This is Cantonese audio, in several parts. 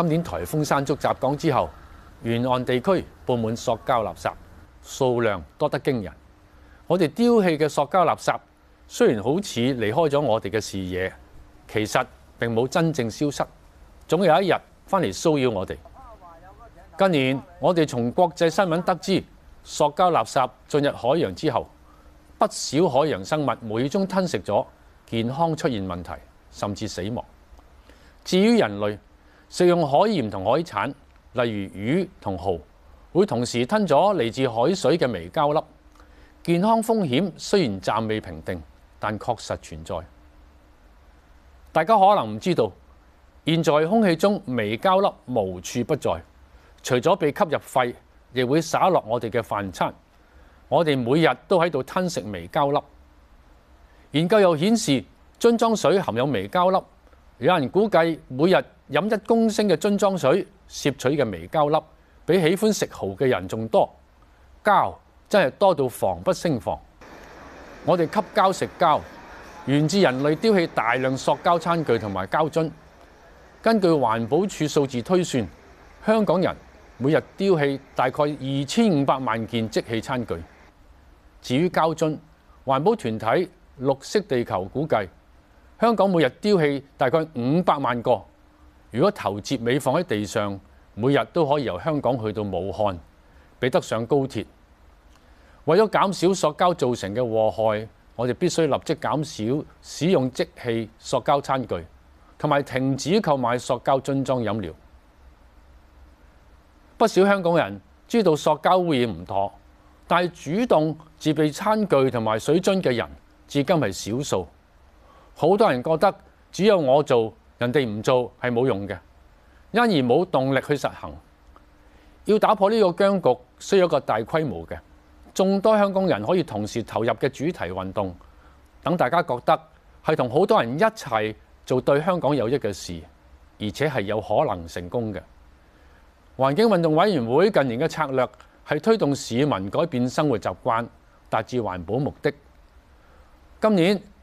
今年颱風山竹襲港之後，沿岸地區佈滿塑膠垃圾，數量多得驚人。我哋丟棄嘅塑膠垃圾雖然好似離開咗我哋嘅視野，其實並冇真正消失，總有一日翻嚟騷擾我哋。近年我哋從國際新聞得知，塑膠垃圾進入海洋之後，不少海洋生物無意中吞食咗，健康出現問題，甚至死亡。至於人類，食用海鹽同海產，例如魚同蠔，會同時吞咗嚟自海水嘅微膠粒。健康風險雖然暫未評定，但確實存在。大家可能唔知道，現在空氣中微膠粒無處不在，除咗被吸入肺，亦會灑落我哋嘅飯餐。我哋每日都喺度吞食微膠粒。研究又顯示，樽裝水含有微膠粒。有人估計每日飲一公升嘅樽裝水，攝取嘅微膠粒比喜歡食蠔嘅人仲多。膠真係多到防不勝防。我哋吸膠食膠，源自人類丟棄大量塑膠餐具同埋膠樽。根據環保署數字推算，香港人每日丟棄大概二千五百萬件即棄餐具。至於膠樽，環保團體綠色地球估計，香港每日丟棄大概五百萬個，如果頭接尾放喺地上，每日都可以由香港去到武漢，比得上高鐵。為咗減少塑膠造成嘅禍害，我哋必須立即減少使用即棄塑膠餐具，同埋停止購買塑膠樽裝飲料。不少香港人知道塑膠污染唔妥，但係主動自備餐具同埋水樽嘅人，至今係少數。好多人覺得只有我做，人哋唔做係冇用嘅，因而冇動力去實行。要打破呢個僵局，需要一個大規模嘅眾多香港人可以同時投入嘅主題運動，等大家覺得係同好多人一齊做對香港有益嘅事，而且係有可能成功嘅。環境運動委員會近年嘅策略係推動市民改變生活習慣，達至環保目的。今年，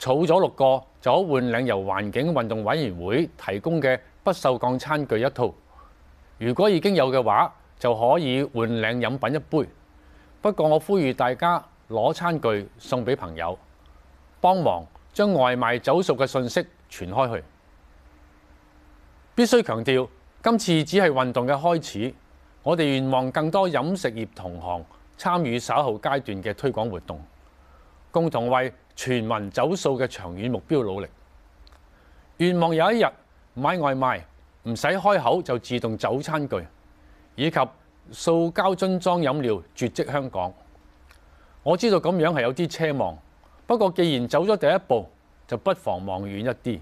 儲咗六個就可換領由環境運動委員會提供嘅不鏽鋼餐具一套。如果已經有嘅話，就可以換領飲品一杯。不過我呼籲大家攞餐具送俾朋友，幫忙將外賣走塑嘅訊息傳開去。必須強調，今次只係運動嘅開始。我哋願望更多飲食業同行參與稍後階段嘅推廣活動。共同為全民走塑嘅長遠目標努力，願望有一日買外賣唔使開口就自動走餐具，以及塑膠樽裝飲料絕跡香港。我知道咁樣係有啲奢望，不過既然走咗第一步，就不妨望遠一啲。